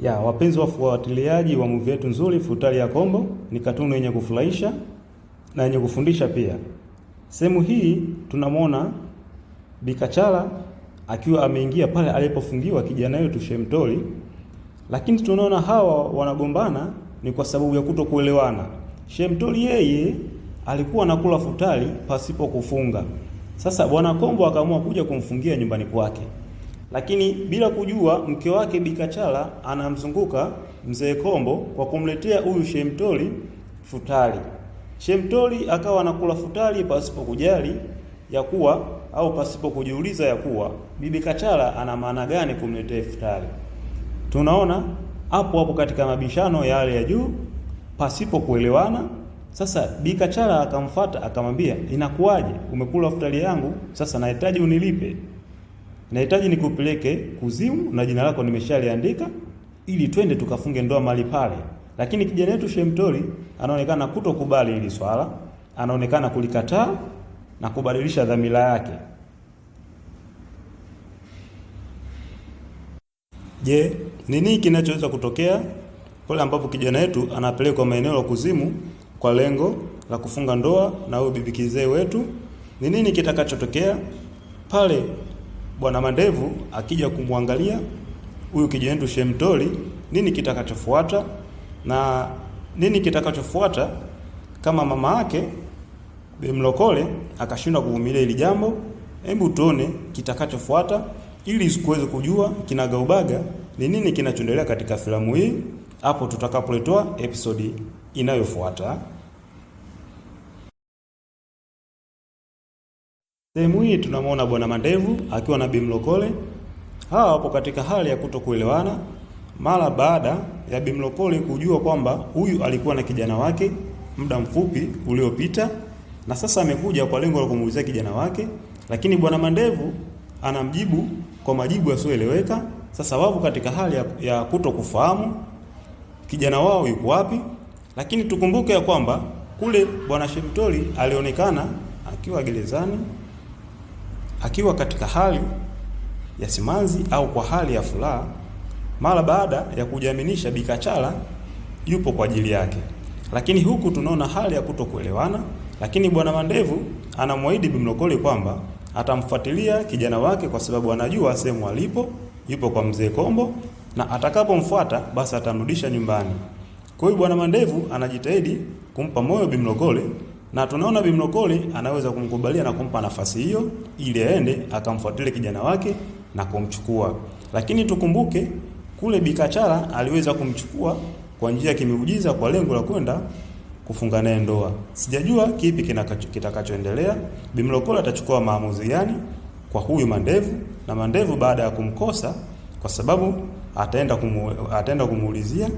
Ya, wapenzi wafuatiliaji wa movie yetu nzuri Futari ya Kombo, ni katuni yenye kufurahisha na yenye kufundisha pia. Sehemu hii tunamwona bikachala akiwa ameingia pale alipofungiwa kijana wetu Shemtoli, lakini tunaona hawa wanagombana ni kwa sababu ya kutokuelewana. shemtoli yeye alikuwa anakula futari pasipo kufunga. Sasa bwana Kombo akaamua kuja kumfungia nyumbani kwake. Lakini bila kujua mke wake Bikachala anamzunguka mzee Kombo kwa kumletea huyu Shemtoli futari. Shemtoli akawa anakula futari pasipo kujali ya kuwa au pasipo kujiuliza ya kuwa bibi Kachala ana maana gani kumletea futari. Tunaona hapo hapo katika mabishano yale ya juu pasipo kuelewana. Sasa Bikachala akamfata akamwambia, inakuwaje umekula futari yangu, sasa nahitaji unilipe nahitaji nikupeleke kuzimu na jina lako nimeshaliandika ili twende tukafunge ndoa mahali pale. Lakini kijana wetu Shemtori anaonekana kutokubali hili swala, anaonekana kulikataa na kubadilisha dhamira yake. Je, nini kinachoweza kutokea pale ambapo kijana wetu anapelekwa maeneo ya kuzimu kwa lengo la kufunga ndoa na huyo bibi kizee wetu? Ni nini kitakachotokea pale Bwana Mandevu akija kumwangalia huyu kijiendu Shemtoli, nini kitakachofuata na nini kitakachofuata kama mama yake Bemlokole akashindwa kuvumilia hili jambo. Hebu tuone kitakachofuata ili sikuweze kujua kinagaubaga ni nini kinachoendelea katika filamu hii hapo tutakapoletoa episodi inayofuata. Sehemu hii tunamwona Bwana Mandevu akiwa na Bi Mlokole. Hawa wapo katika hali ya kutokuelewana mara baada ya Bi Mlokole kujua kwamba huyu alikuwa na kijana wake muda mfupi uliopita na sasa amekuja kwa lengo la kumuuzia kijana wake, lakini Bwana Mandevu anamjibu kwa majibu yasiyoeleweka. Sasa wapo katika hali ya, ya kutokufahamu kijana wao yuko wapi, lakini tukumbuke ya kwamba kule Bwana Shemtoli alionekana akiwa gerezani akiwa katika hali ya simanzi au kwa hali ya furaha, mara baada ya kujiaminisha bikachala yupo kwa ajili yake. Lakini huku tunaona hali ya kutokuelewana, lakini bwana Mandevu anamwahidi Bimlokole kwamba atamfuatilia kijana wake kwa sababu anajua sehemu alipo, yupo kwa mzee Kombo na atakapomfuata basi atamrudisha nyumbani. Kwa hiyo bwana Mandevu anajitahidi kumpa moyo Bimlokole na tunaona Bimlokole anaweza kumkubalia na kumpa nafasi hiyo ili aende akamfuatilie kijana wake na kumchukua. Lakini tukumbuke kule Bikachara aliweza kumchukua kwa njia ya kimiujiza kwa lengo la kwenda kufunga naye ndoa. Sijajua kipi kitakachoendelea, Bimlokole atachukua maamuzi gani kwa huyu Mandevu na Mandevu baada ya kumkosa kwa sababu ataenda kumu, ataenda kumuulizia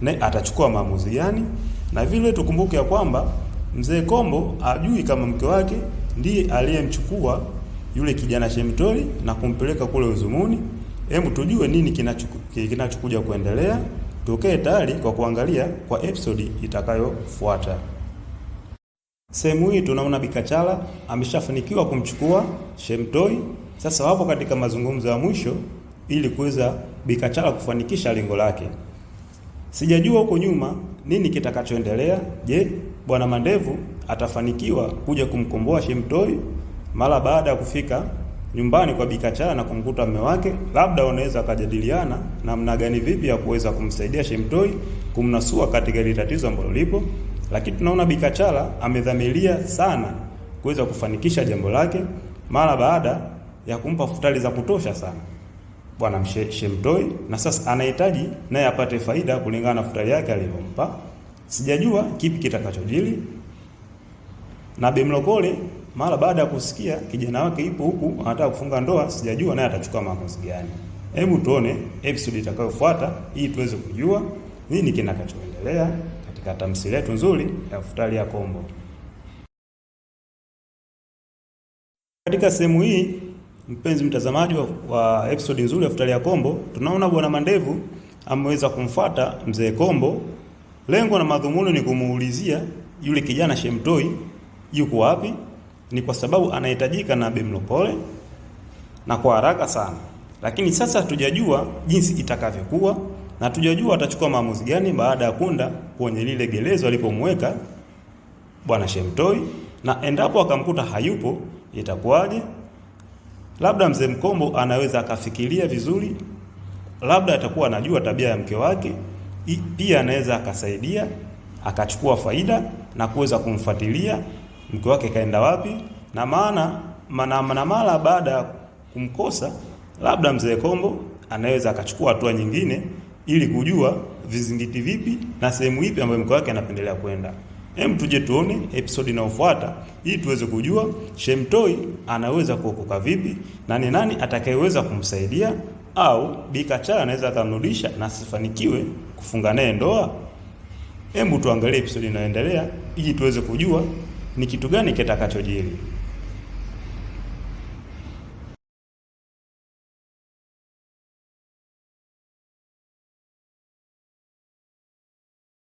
na atachukua maamuzi gani, na vile tukumbuke ya kwamba Mzee Kombo ajui kama mke wake ndiye aliyemchukua yule kijana Shemtoli na kumpeleka kule Uzumuni. Hebu tujue nini kinachokuja kinachuku kuendelea. Tukae tayari kwa kuangalia kwa episodi itakayofuata. Sehemu hii tunaona Bikachala ameshafanikiwa kumchukua Shemtoi. Sasa wapo katika mazungumzo ya mwisho ili kuweza Bikachala kufanikisha lengo lake. Sijajua huko nyuma nini kitakachoendelea. Je, Bwana Mandevu atafanikiwa kuja kumkomboa Shemtoi mara baada ya kufika nyumbani kwa Bikachara na kumkuta mume wake, labda wanaweza wakajadiliana namna gani vipi ya kuweza kumsaidia Shemtoi kumnasua katika ile tatizo ambalo lipo. Lakini tunaona Bikachara amedhamiria sana kuweza kufanikisha jambo lake mara baada ya kumpa futari za kutosha sana bwana Shemtoi, na sasa anahitaji naye apate faida kulingana na futari yake aliyompa sijajua kipi kitakachojili. Na Bimlokole mara baada ya kusikia kijana wake ipo huku anataka kufunga ndoa, sijajua naye atachukua maamuzi gani. Hebu tuone episode itakayofuata ili tuweze kujua nini kinakachoendelea katika tamthilia yetu nzuri ya Futari ya Kombo. Katika sehemu hii, mpenzi mtazamaji wa, wa episode nzuri ya Futari ya Kombo, tunaona Bwana Mandevu ameweza kumfuata Mzee Kombo Lengo na madhumuni ni kumuulizia yule kijana Shemtoi yuko wapi, ni kwa sababu anahitajika na Bemlopole na kwa haraka sana, lakini sasa hatujajua jinsi itakavyokuwa na tujajua atachukua maamuzi gani baada ya kunda kwenye lile gelezo alipomweka bwana Shemtoi, na endapo akamkuta hayupo itakuwaje? Labda mzee Mkombo anaweza akafikiria vizuri, labda atakuwa anajua tabia ya mke wake pia anaweza akasaidia akachukua faida na kuweza kumfuatilia mke wake kaenda wapi, na maana mana, mana mara baada ya kumkosa labda mzee Kombo anaweza akachukua hatua nyingine ili kujua vizingiti vipi na sehemu ipi ambayo mke wake anapendelea kwenda. Hem, tuje tuone episode inayofuata ili tuweze kujua Shemtoi anaweza kuokoka vipi na ni nani atakayeweza kumsaidia au Bikachaya anaweza akamrudisha na sifanikiwe kufunga naye ndoa. Hebu tuangalie episode inayoendelea ili tuweze kujua ni kitu gani kitakachojiri.